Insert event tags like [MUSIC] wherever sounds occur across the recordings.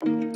thank you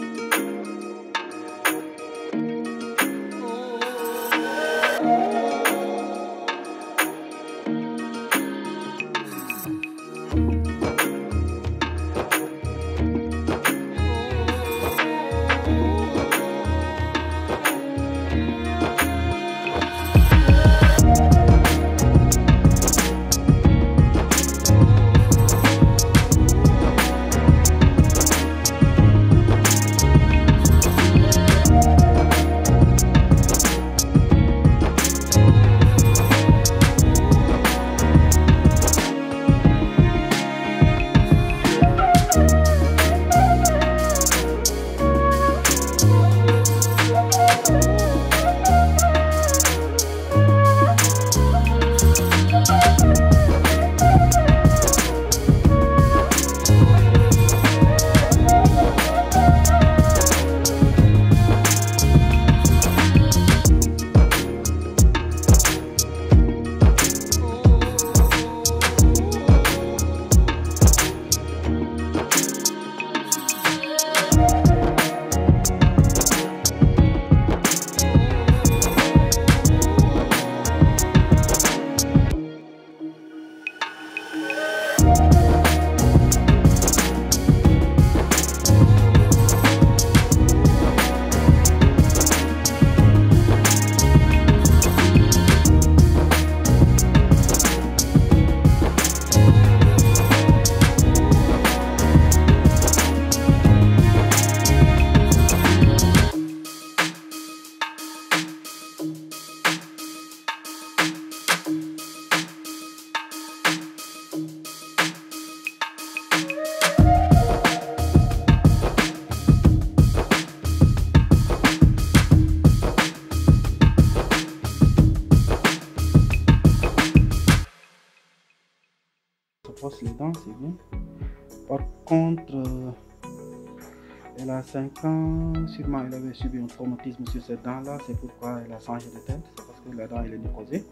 a 5 ans, sûrement elle avait subi un traumatisme sur cette dent-là, c'est pourquoi a changé de teinte, c'est parce que la dent elle est nécrosée.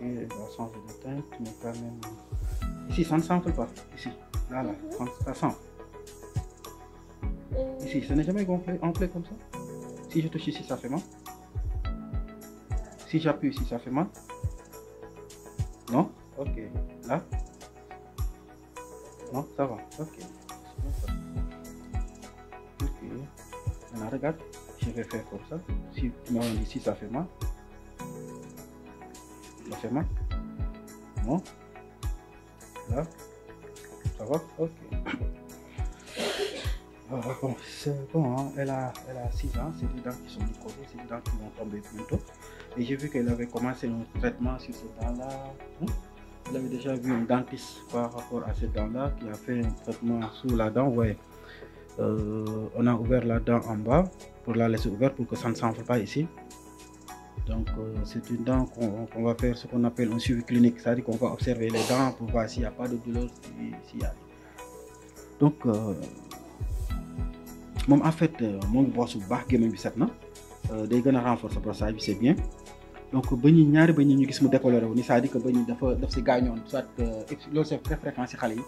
Et elle a changé de teinte, mais quand même. Ici, ça ne s'enfle pas, ici, là, là, ça sent. Ici, ça n'est jamais gonflé, enflé comme ça. Si je touche ici, ça fait mal. Si j'appuie ici, ça fait mal. Non Ok. Là Non, ça va. Ok. maintenant je vais faire comme si non ici ça fait mal ça fait mal bon, c'est bon, elle, a, elle a 6 ans, c'est des dents qui sont du côté, c'est des dents qui Et j'ai vu qu'elle avait commencé un traitement sur ces dents-là. Elle avait déjà vu un dentiste par rapport à ces dents qui a fait un traitement sous la dent, ouais. Euh, on a ouvert la dent en bas pour la laisser ouverte pour que ça ne s'enfle pas ici. Donc euh, c'est une dent qu'on qu va faire ce qu'on appelle un suivi clinique, c'est-à-dire qu'on observer les dents pour voir s'il pas de douleur, s'il y Donc euh, moom en fait euh, moo ngi bu baax gémmiñ bi set na euh, day gën a renforcer brossage bi c'est bien donc ba ñu ñaari ba ñu ñu gis mu décoloré wu ni c'est-à-dire que ba ñu dafa si gaañoon soit loolu c'est très fréquent xale yi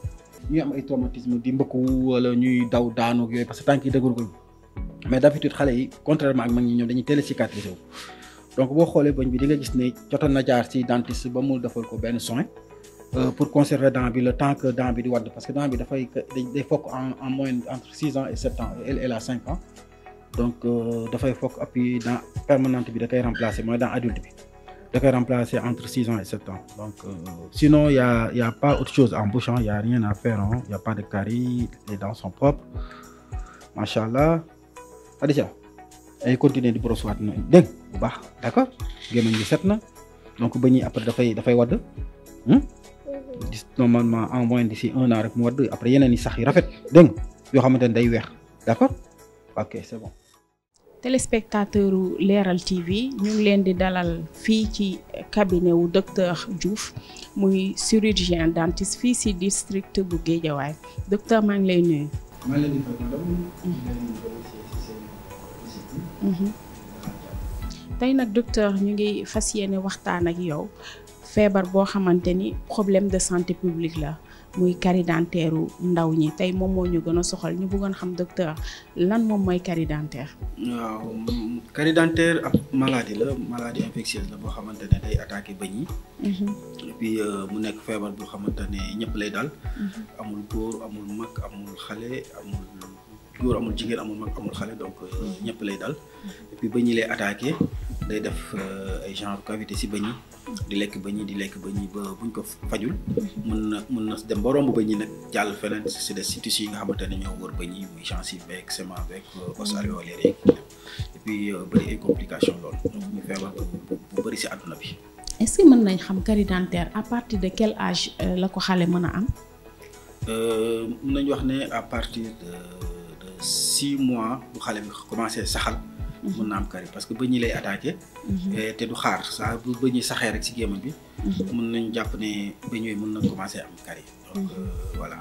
ñuy am ay traumatisme di mbëkku wala ñuy daw daanu ak yooyu parce que tànk yi dëgër ko mais d'habitude xale yi contrairement ak mag ñi ñoom dañuy teel a cicatriser wu donc boo xoolee bëñ bi di nga gis ni jotoon na jaar ci dentiste ba mu defal ko benn soin euh, pour conserver dent bi le temps que dent bi di wadd parce que dent bi dafay day fokk en en moyenne entre six ans et sept ans elle elle a cinq ans donc euh, dafay fokk appui dent permanente bi da koy remplacer mooy dent adulte bi. da koy remplacer entre six ans et sept ans donc euh, sinon y a y a pas autre chose en bouche y a rien à faire y a pas de caries les dents sont propres macha allah Khadija ay continuer di brosse waat na dégg bu baax d'accord gémmiñ gi set na donc ba ñuy après dafay dafay wadd hmm? normalement en moyenne d'ici un an rek mu wadd après yeneen yi sax yu rafet dégg yoo xamante ne day weex d'accord ok c'est bon. téléspectateur Leral TV ñu ngi leen di dalal fii ci cabinet wu docteur Diouf muy chirurgien dentiste fii ci district bu Guédiawaye docteur maa ngi lay nuyu. maa mhm. tey nag docteur ñu ngi fas yéene waxtaan ak yow feebar boo xamante ni problème de santé publique la. muy carie dentaire ndaw ñi tey moom moo ñu gën a soxal ñu buggoon xam docteur lan moom mooy carie dentaire. waaw carie dentaire ab maladie la maladie infectieuse la boo xamante ne day attaqué bëñ yi. Mhm. et euh, mu nekk feebar boo xamante ne ñëpp lay dal. Mhm. amul góor amul mag amul xale amul góor amul jigéen amul mag amul xale donc euh, mhm. ñëpp lay dal et puis lay attaqué day def euh, ay genre cavité si bëñ yi. di lekk ba ñi di lekk ba ñi ba buñ ko fajul mën na mën na dem ba romb ba ñi nag jàll feneen c'est des tissus yi nga xamante ne ñoo wër ba ñi muy gencive beeg semence beeg euh, os alvéolaire yeeg et puis euh, ay complication loolu bu bëri si àdduna bi est-ce mën nañ xam carie dentaire à partir de quel âge euh, la ko xale mën a am mën nañ wax ne à partir de six mois bu xale bi commencé saxal mun na am kari mhm. parce que ba yi lay attaqué. Mhm. Eh, te du xaar saa bu bëñ yi saxee rek si gémmiñ bi. mun mhm. nañ jàpp ne bëñ ñuy mun na commencé am kari donc euh, voilà.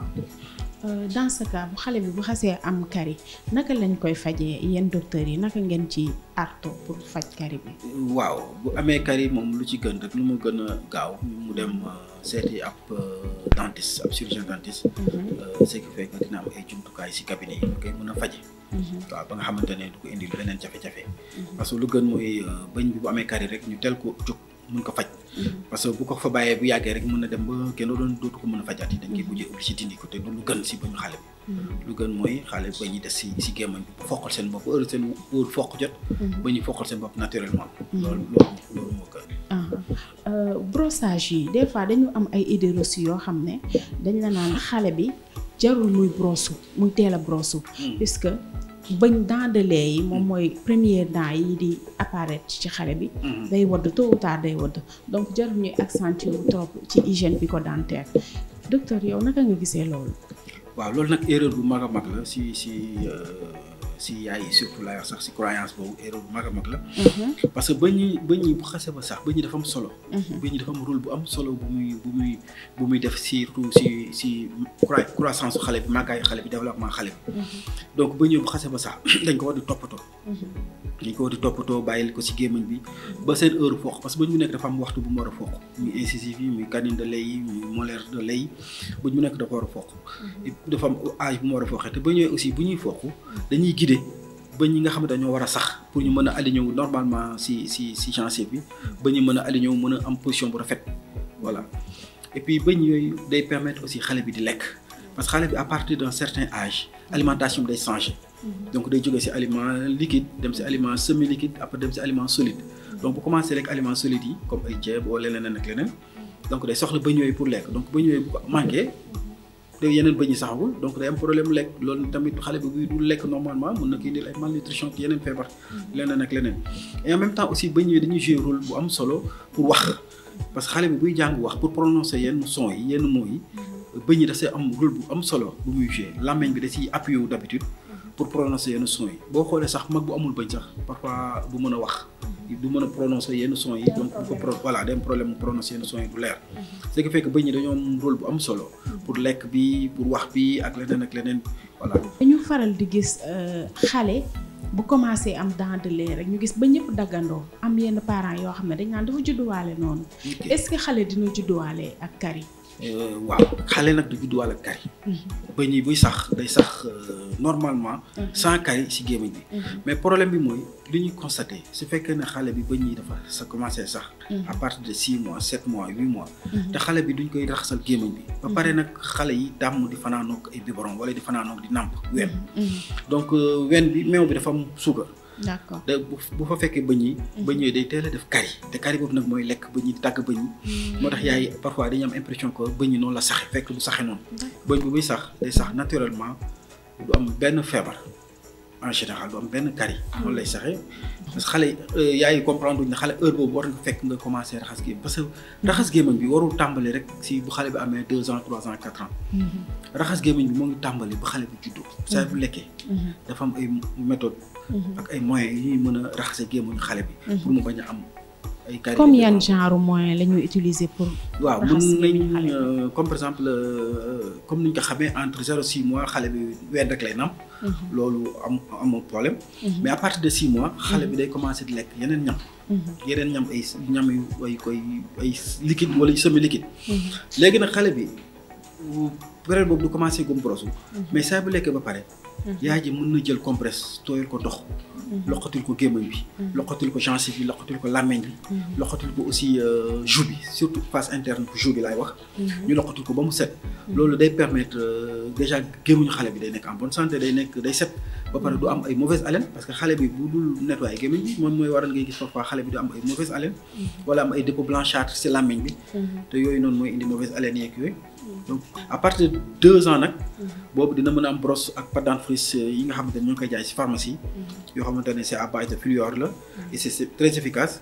Euh, dans ce cas bu xale bi bu xasee am kari naka lañ koy fajee yéen docteurs yi naka ngeen ci arto pour faj kari bi. waaw bu amee kari moom lu ci gën rek lu mu gën a gaaw mu dem euh, seeti ab euh, dentiste ab chirurgien dentiste. Mhm. ce qui fait que dina am ay jumtukaay si cabinet yi koy mën a faje mhm. waaw ba nga xamante ne du ko indil leneen jafe-jafe. Mhm. parce que lu gën mooy bëñ bi bu amee kari rek ñu teel ko jóg. mun ko faj parce que bu ko fa bàyyee bu yàggee rek mën na dem ba kenn doon dootu ko mën a fajaati dañ koy mujjee obligé dindi ko te lu gën si bañu xale lu gën mooy xale ba ñuy des si si gémmañ bi foqal seen bopp heure seen heure foq jot ba ñuy seen bopp naturellement loolu loolu loolu moo gën ah, euh, brossage yi des fois dañu am ay idées reçues yoo xam ne dañ la naan xale bi jarul muy brosu muy teel a brosu hmm. puisque bëñ dent de lait yi moom mooy première dent yi di apparaître ci xale bi mm-hmm. day wadd tôt ou day wodd donc jarul ñuy accentuer trop ci bi ko dentaire docteur yow naka nga gisee loolu waaw loolu nag erreur bu mag a mag la si si euh, si yaay yi surtout laa wax sax si croyance boobu erreur bu mag a mag la. Mhm. parce que ba ñuy ba ñuy bu xasee ba sax ba ñuy dafa am solo. Mhm. ba ñuy dafa am rôle def si si croissance xale bi màggaayu xale bi développement xale bi. Mhm. donc ba ñuy bu xasee ba sax [CLEARS THROAT] dañ ko war di toppatoo. dañ ko war di toppatoo bàyyil ko si gémmiñ bi ba seen heure fooq parce que ba ñu nekk dafa am waxtu bu mu war a fooq muy incisive muy canine de lait muy molaire de lait yi ba nekk dafa war a fooq. dafa mu war a fooqee bu liquider ba ñi nga xam dañoo war a sax pour ñu mën a aligné wu normalement si si si chantier bi ba ñu mën a aligné wu mën a am position bu rafet voilà et puis bëñ yooyu day permettre aussi xale bi di lekk parce que xale bi à partir d'un certain âge alimentation bi day changer mm-hmm. donc day jógee si aliment liquide dem si aliment semi liquide après dem si aliment solide mm-hmm. donc bu commencé lekk aliment solide yi comme ay ceeb wala leneen ak leneen donc day soxla te yeneen ba ñu saxagul donc day am problème lekk loolu tamit xale bi buy dul lekk normalement mën na ko indil ay malnutrition ak yeneen feebar. leneen ak leneen et en même temps aussi ba ñëwee dañuy jouer rôle bu am solo pour wax parce que xale bi buy jàng wax pour prononcer yenn son yi yenn mots yi bëñ yi da see am rôle bu am solo bu muy jouer làmmeñ bi da ciy appuyé wu d'habitude pour prononcer yenn son yi boo xoolee sax mag bu amul bëñ sax parfois bu mën a wax. du mën a prononcer yenn son yi donc bu fa voilà day am problème mu prononcer yenn son yi du leer ce qui fait ñi dañoo am rôle bu am solo pour lekk bi pour wax bi ak leneen ak leneen voilà dañu faral di gis euh, xale bu commencé am dent de lait rek ñu gis ba ñëpp daggandoo am yenn parents yoo xam ne dañ naan dafa judduwaale noonu est-ce que xale dina judduwaale ak yi Euh, waaw xale nag du judduwaale kari mhm. bëñ yi buy sax day sax euh, normalement mhm. sans kari si gémmiñ bi mhm. mais problème bi mooy li ñuy constaté su fekkee ne xale bi bëñ yi dafa sa commencé sax à partir de six mois sept mois huit mois te xale bi duñ koy raxasal gémmiñ bi ba pare nag xale yi dàmm di fanaanoog ay biberon wala di fanaanoog di nàmp wenn donc euh, wenn bi meew bi dafa am d'accord bu fa fekkee bëñ yi mhm. bëñ yooyu day teel a def kari te kari boobu nag mooy lekk bëñ yi dagg bëñ yi hmm. moo tax yaay parfois dañuy am impression que bëñ yi noonu la saxe fekk du saxe noonu bëñ bu muy benn feebar en général benn kari noonu lay saxee parce que xale euh, yaay yi comprendre xale heure boobu war fekk nga commencé raxas gémmiñ parce que hmm. raxas gémmiñ bi warul tàmbali rek si bu xale bi amee deux ans trois ans quatre ans hmm. raxas gémmiñ bu lekkee dafa am ak ay moyens yi mën a raxase gémmuñu xale bi. Mhm. pour mu bañ a am ay. carrément comme yan genre moyen pour. waaw mën nañ euh, comme par exemple euh, comme ni ko xamee entre zéro mois xale bi weer rek lay namp. Mhm. loolu am amul problème. Mhm. mais à de six mois. xale bi day commencer di lekk yeneen ñam. yeneen ñam ay ñam yu ay koy ay liquide wala semi liquide. léegi nag xale bi boobu du commencer gum brosu. mais saa bu lekkee ba pare. yaay ji mën na jël compresse tooyal ko ndox. loqatil ko gémmañ bi. loqatil ko gencive bi loqatil ko làmmeñ bi. loqatil ko aussi euh, joue bi surtout face interne bu joue wax. ñu loqatil ko ba mu set. loolu day permettre euh, déjà gémmañu xale bi day nekk en bonne santé day set. ba pare du am ay mauvaise haleine parce que xale bi bu dul nettoyer gémmañ bi moom mooy waral ngay gis parfois xale bi du am ay mauvaise haleine. wala am ay dépôts blanchâtres ci làmmeñ bi. Mhm. te yooyu noonu mooy indi mauvaise haleine yeeg yooyu. donc à partir de deux ans nag. boobu dina mën a am brosse ak pâte dentifrice euh, yi nga xamante ne ñoo ngi koy jaay si pharmacie. yoo xamante ne c' est à base de fluor la. et c' est très efficace.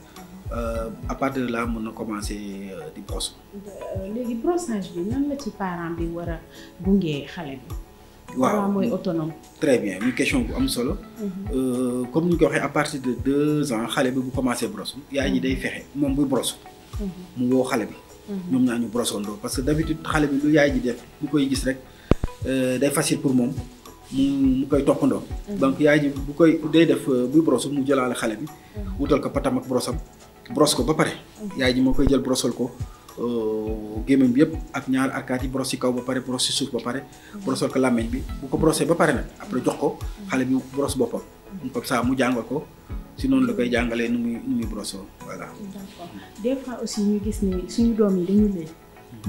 Euh, mën na commencer euh, di brosse. Euh, léegi brossage bi nan la ci parent bi war a gunge xale bi. waaw mooy autonome. très bien muy question bu am solo. Mhm. comme ni ñu ko waxee à de deux ans xale bi bu commencé brosse. yaay ji day fexe moom buy brosse. Mhm. mu woo xale bi. ñoom ñaa ñu brosondoo parce que d'habitude xale bi lu yaay ji def bu koy gis rek euh, day facile pour moom mu mu koy toppandoo. Mm-hmm. donc yaay ji bu koy day def euh, buy brosse mu jëlaale xale bi. Mm-hmm. wutal ko patam ak brosam brosse ko ba pare. Mm-hmm. yaay ji moo koy jël brossal ko euh, gémmiñ bi yëpp ak ñaar arkaat yi brosse ci kaw ba pare brosse ci suuf ba pare. brossal ko làmmiñ bi bu ko brossé ba pare nag après jox ko xale bi brosse boppam. comme ça mu jàngal ko si noonu la koy jàngalee nu muy nu muy broso voilà. des fois aussi ñu gis ni suñu doom yi dañu lay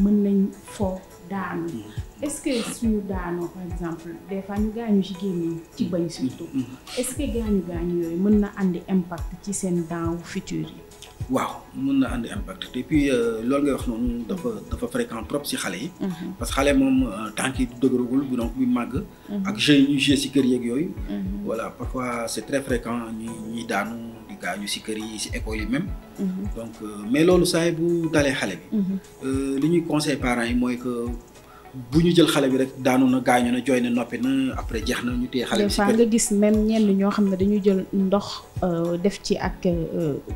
mën nañ foo daanu mm. est-ce que suñu daanoo par exemple des fois ñu gaañu ci gémmiñ ci bañ suñu mm. mm. est-ce que gaañu gaañu yooyu mën na andi impact ci seen daaw futur yi. waaw mun na andi impact te euh, loolu ngay wax noonu dafa dafa fréquent trop si xale yi. Mhm. parce que xale moom euh, tànk yi dëgëragul donc bi màgg. Mhm. ak jeu yi ñuy joué si kër yeeg yooyu. Mhm. voilà parfois c' est très fréquent ñuy ñuy daanu di gaañu si kër yi si école yi même. donc euh, mais loolu saa bu dalee xale bi. li ñuy conseil parents yi mooy que. bu ñu jël xale bi rek daanu na gaañu na jooy na noppi na après jeex na ñu téye xale bi. des fois nga gis même ñenn ñoo xam ne dañu jël ndox def ci ak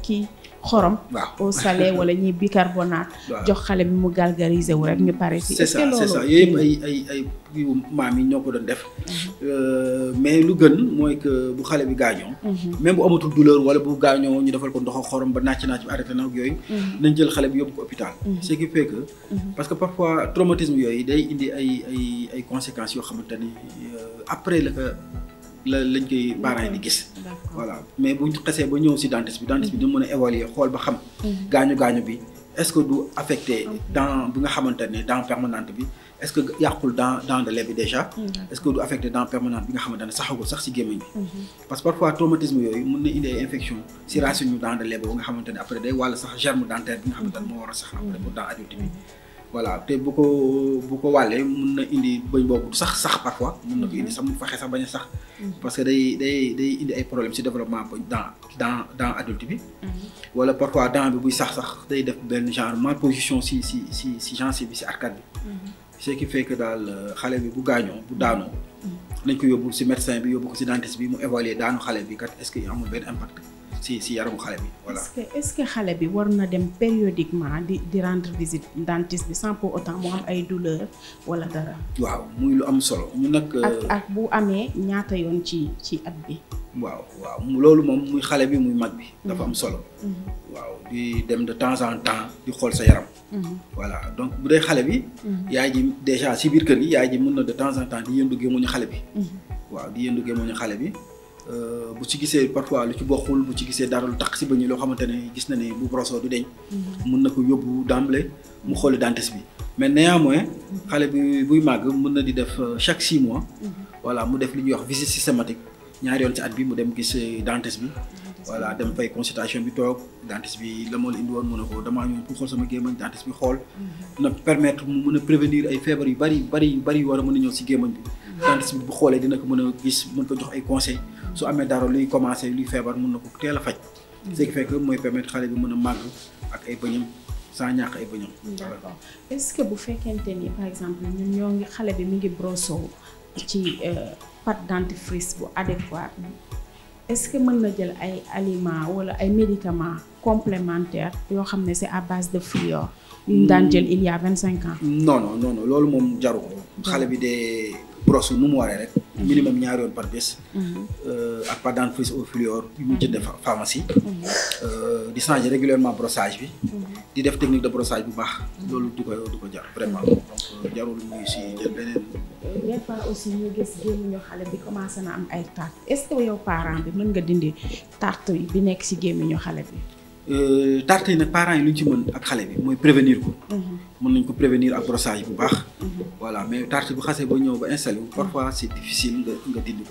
kii xorom au salé wala ñuy bicarbonate [LAUGHS] jox xale bi mu galgariser wu rek ñu pare si c'est c'est yooyu ay ay ay maam yi ñoo ko doon def mhm. euh, mais lu gën mooy que bu xale bi gaañoo mhm. même bu amatul douleur wala bu gaañoo ñu defal ko ndox ak xorom ba nàcc nàcc bi arrêté na ak yooyu mhm. nañ jël xale bi yóbbu ko hôpital ce que parce que parfois traumatisme yooyu day indi ay ay ay yoo xamante ni euh, après la la lañ koy baaraay di gis. voilà mais bu ñu xasee ba ñëw si dentiste bi dentiste bi dina mën a évaluer xool ba xam. Mhm. gaañu gaañu bi est-ce que du affecté ah dent bi nga bi est-ce que yàqul mhm. dent dent de lait nga xamante ne saxagul sax si gémmiñ mhm. parce que parfois traumatisme yooyu mun na indi infection si racine dent de lait nga xamante ne après day wàll sax germe dentaire bi nga xamante moo war a sax après bu dent adulte voilà te bu ko bu ko wàllee mun na indi bëñ boobu sax sax parfois mun na ko indi sax mu faxee sax bañ a sax mm-hmm. parce que day day day indi ay problème ci développement bëñ dent dent dent adulte bi mm-hmm. wala parfois dent bi buy sax sax day def benn genre malposition si si si si gencive bi si arcade bi mm-hmm. ce qui fait que daal euh, xale bi bu gaañoo bu daanoo nañ ko yóbbu si médecin bi yóbbu ko si dentiste bi mu évaluer daanu xale bi kat est-ce que amul benn impact si si yaramu xale bi voilà. est-ce bi war na dem périodiquement di di rendre visite dentiste bi sans pour autant mu am ay douleur wala dara. waaw muy lu am solo ñu nag. Euh, ak ak bu amee ñaata yoon ci ci at bi. waaw waaw loolu moom muy xale bi muy mag bi. dafa am mhm. solo. Mhm. waaw di dem de temps en temps di xool sa yaram. Mhm. voilà donc bu dee xale bi. yaay ji déjà si biir kër gi yaay ji mën na de temps en temps di yëndu gémmuñu xale bi. waaw di yëndu gémmuñu xale bi. Euh, bu ci gisee parfois lu ci bokkul bu ci gisee dara lu tax si ba ñu loo xamante ne gis na ni bu broso du deñ mhm. mun na ko yóbbu d'emblée mu xooli dentiste bi mais néanmoins mhm. xale bi buy màgg mun na di def euh, chaque six mois mhm. voilà mu def li ñuy wax visite systématique ñaari yoon si at bi mu dem gis euh, dentiste bi voilà dem fay consultation bi toog dentiste bi la moo la indi woon ko damaa ñëw pour xool sama gémmañ dentiste bi xool na ay feebar yu bari bari yu bari yu war a mën si gémmañ bi dentiste bi dina ko mën a gis mën ko jox ay conseils su amee dara luy commencé luy feebar mun na ko teel a faj. ce qui mooy permettre xale bi mën a màgg ak ay bëñam sans ñàkk ay bëñam. d'accord ce que bu fekkente ni par exemple ñun ñoo ngi xale bi mu ngi brosso ci euh, pâte dentifrice bu adéquate est-ce que mën na jël ay aliments wala ay médicament complémentaires yoo xam ne c'est à base de fluor. ñu daan jël il y a vingt cinq ans. non non loolu moom jaru ko. xale bi de brosse nu mu waree rek. Mm-hmm. minimum ñaari yoon par bés. Mm-hmm. Euh, ak pâte dentifrice au fluor yu mu jëndee pharmacie. Mm-hmm. Euh, di changer régulièrement brossage bi. di def technique de brossage bu baax. loolu du ko du ko jar vraiment donc euh, jarul muy si ñu gis gémmiñu xale bi commencé na am ay tarte est-ce que yow parent bi mën nga dindi tarte bi nekk si gémmiñu xale bi. tarte yi nag parent yi lu ñu ak xale bi mooy prévenir ko. mën nañ ko prévenir ak brossage bu baax. Mhm. voilà mais tarte bu xasee ba ñëw ba installé wu parfois c' est difficile nga nga dindi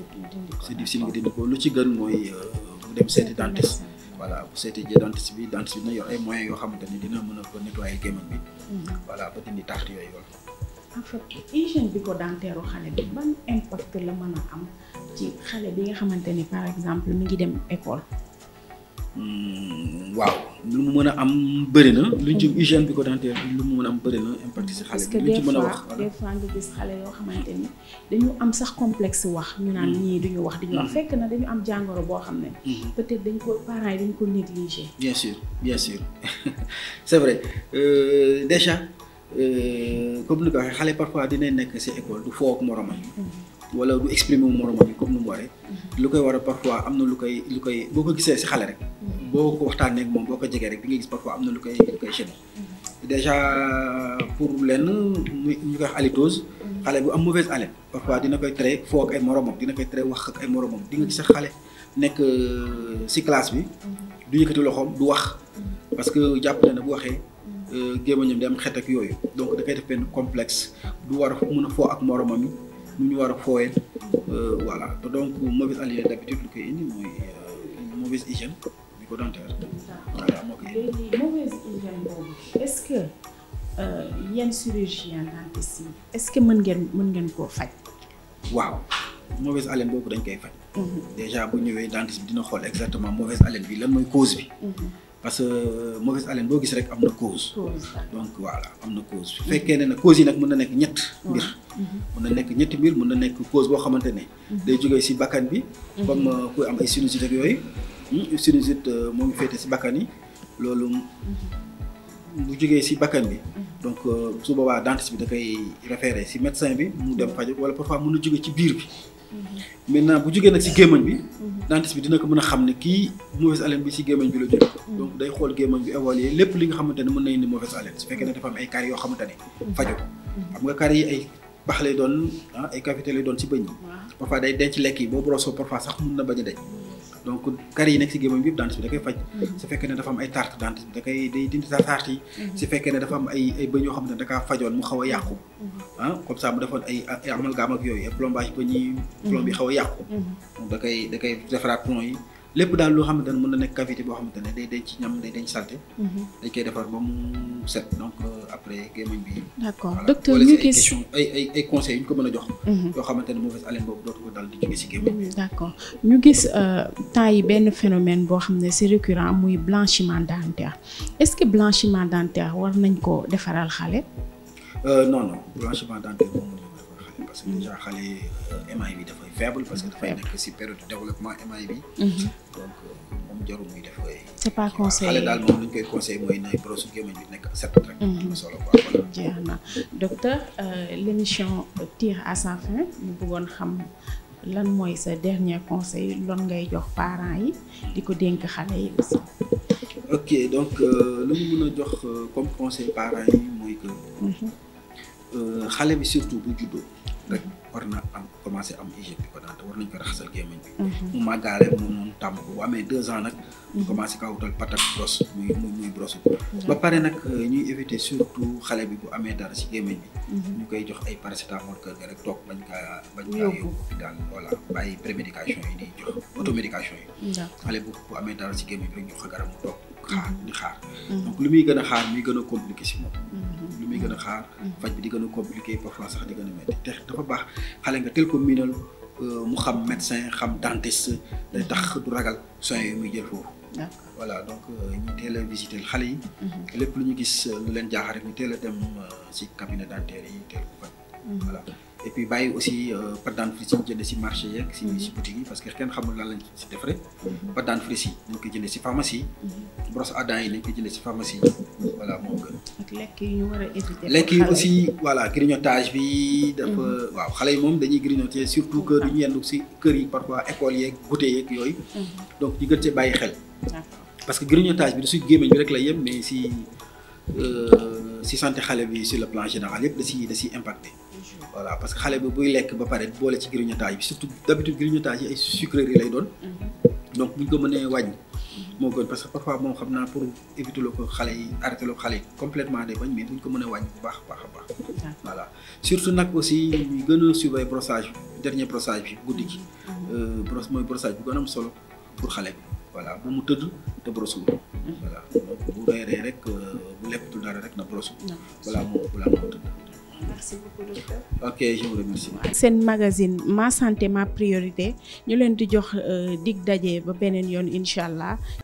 ko. lu ci gën mooy euh, mu dem seeti dentiste. voilà bu seetee jee dentiste bi dentiste bi dina yor ay moyens yoo xamante ni dina mën a ko nettoyer gémmiñ bi. Mhm. voilà ba dindi tarte yooyu yoon. en fait hygiène bi ko dentaire xale bi ban impact la mën a am ci xale bi nga xamante ni par exemple mi ngi dem école. Hmm, waaw. lu mu mën a am bëri na luñ ci hygiène ko dentaire lu mu mën a am bëri na impact si xale bi ci mën a wax parce que gis xale yoo xamante ni dañu am sax complexe wax ñu naan mm. ñii duñu wax duñu wax mm. fekk na dañu am jàngoro boo xam ne mm. peut-être dañ ko parents yi dañ ko négligé bien sûr bien sûr [LAUGHS] c'est vrai euh, déjà euh, comme ni xale parfois dinañ nekk si école du foo ak moromam wala du exprimer wu moromam yi comme nu mu waree mhm. lu koy war a parfois am na lu koy lu koy boo ko gisee si xale rek mhm. boo ko waxtaanee ak moom boo ko jegee rek di nga gis parfois am na lu koy lu mhm. pour lenn ñu ñu koy wax halitose bu am mauvaise haleine parfois dina koy tere foo ak dina koy tere wax ak ay moromam di nga gis euh, si classe bi du yëkkati loxoom du wax parce que jàpp na bu waxee euh, gémmiñam day am xet ak yooyu donc da koy def benn du war a mun a foo ak moromam lu ñu war a fooyee euh, voilà donc mauvaise alimentation d'habitude lu koy indi mooy euh, mauvaise hygiène bucco-dentaire voilà moo koy indi. mauvaise hygiène boobu est que euh, yenn chirurgien dentiste yi est-ce que mën ngeen mën ngeen koo faj. waaw mauvaise haleine boobu dañ koy faj. Mhm. déjà bu ñëwee dentiste bi dina xool exactement mauvaise haleine bi lan mooy cause bi. Mhm. parce que euh, mauvaise haleine boo gis rek am na cause. donc voilà am na cause su fekkee ne nag causes yi nag mën na nekk ñett mbir. Mm-hmm. mën na nekk ñetti mbir mën na nekk cause boo xamante ne. Mm-hmm. day jógee si bakkan bi. Mm-hmm. comme euh, kuy am ay sinusite ak yooyu. Hmm, sinusite euh, moo ngi féete si bakkan yi loolu bu jógee si bakkan bi. donc su boobaa dentiste bi da koy référé si médecin bi mu dem faj wala parfois mën na jóge ci biir bi. maintenant bu jugee nag si gémmañ bi dentiste bi dina ko mën a xam ne kii mauvaise haleine bi si gémmañ bi la jóge donc day xool gémmañ bi évaluer lépp li nga xamante ne mën na indi mauvaise haleine su fekkee ne dafa am ay caries yoo xamante ne fajo xam nga caries yi ay pax lay doon ah ay cavité lay doon si bëñ bi parfois day denc lekk yi boo broso parfois sax mun na bañ a denc donc caries yi nekk si gémmiñ bi yëpp dentiste bi da faj su fekkee ne dafa am ay tarte dentiste bi da koy day dindi sa tarte yi su fekkee ne dafa am ay ay yoo xam ne da kaa fajoon mu xaw a yàqu mm-hmm. ah comme ça mu defoon ay amalgame yooyu ay plombage ba ñuy plomb yi xaw a yàqu mm-hmm. donc da koy da koy yi lépp daal loo xamante ne mën na nekk cavité boo xamante ne day denc ci ñam day denc salté. Mhm. dañ koy defar ba mu set donc euh, après gémmiñ bi. d'accord docteur ñu gis question ay ay ay conseils a jox. Mhm. yoo xamante ne mauvaise mhm. ñu gis euh, temps yi benn phénomène boo xam ne c'est récurrent muy blanchiment dentaire est-ce que blanchiment dentaire war nañ ko defaral xale. Euh, non non blanchiment dentaire parce que déjà xale émail bi dafay faible parce que dafay nekk si période de développement émail bi mhm. donc euh, moom jarul muy def ay c'est pas conseillé xale daal moom lu ñu koy conseillé mooy nay brosse gémmiñ bi nekk set rek mhm. am solo quoi jeex na docteur euh, l'émission tire à sa fin ñu bëggoon xam lan mooy sa dernier conseil loon ngay jox parents yi di ko dénk xale yi aussi donc euh, lu ñu mën a jox comme conseil parents yi mooy que mhm. xale bi surtout bu juddoo rek war na am commencé am hygiène bi ko daan te war nañ ko raxasal gémmiñ bi mhm. mu màggaale mu noonu tàmm ko bu amee deux ans nag ñu mhm. commencé kaa wutal patak brosse muy muy brosse ba pare nag euh, ñuy éviter surtout xale bi bu amee dara si gémmiñ bi mhm. ñu koy jox ay paracétamol kër ga rek toog bañ kaa bañ kaa yóbbu hôpital voilà bàyyi prémédication yi di jox automédication yi xale bu bu amee dara si gémmiñ bi rek ñu jox garab mu toog xaar mhm. di xaar mhm. lu muy gën a xaar muy gën a compliqué si moom mhm. lu muy gën a xaar faj bi di gën a compliqué parfois sax di gën a métti te dafa baax xale nga tel ko miinal euh, mu xam médecin xam dentiste day tax du ragal soins yi muy jël foofu voilà donc euh, ñu teel xale yi lépp lu ñu gis lu leen jaaxal rek ñu teel a dem si euh, cabinet dentaire yi teel ko faj voilà et puis bàyyi aussi pâte dentifrice yi ñu jënd si marché mm-hmm. yeeg si si boutique yi parce que kenn xamul lan lañ si defaree mm-hmm. pâte dentifrice yi dañ koy jëndee si pharmacie mm-hmm. brosse à yi dañ koy jëndee si pharmacie euh, lekk yi a éviter. lekk yi aussi voilà grignotage bi dafa waaw xale yi moom dañuy grignoter surtout que du ñu yendu si kër yi parfois école yeeg goûter yeeg yooyu donc ñu gën cee bàyyi xel parce que grignotage bi du si gémmiñ bi rek la yem mais si euh, si santé xale bi sur le plan général yëpp da si da si impacté voilà parce que xale bi buy lekk ba pare boole ci grignotage bi surtout d'habitude grignotage yi ay sucreries lay doon mhm. donc buñ ko mënee wàññi parce que parfois xam naa pour éviter loo ko xale yi arrêté loo ko xale yi ko mën a wàññi bu baax baax a baax voilà surtout nag aussi ñu gën a suivre brossage dernier brossage bi guddi gi mhm. euh, brosse mooy brossage bu gën a solo pour xale bi voilà mu tëdd te brosu voilà bu reeree rek bu lekkatul dara rek na brosu voilà mu tëdd ok je vous magazine ma santé ma priorité ñu leen di jox euh, dig daje ba beneen yoon incha allah.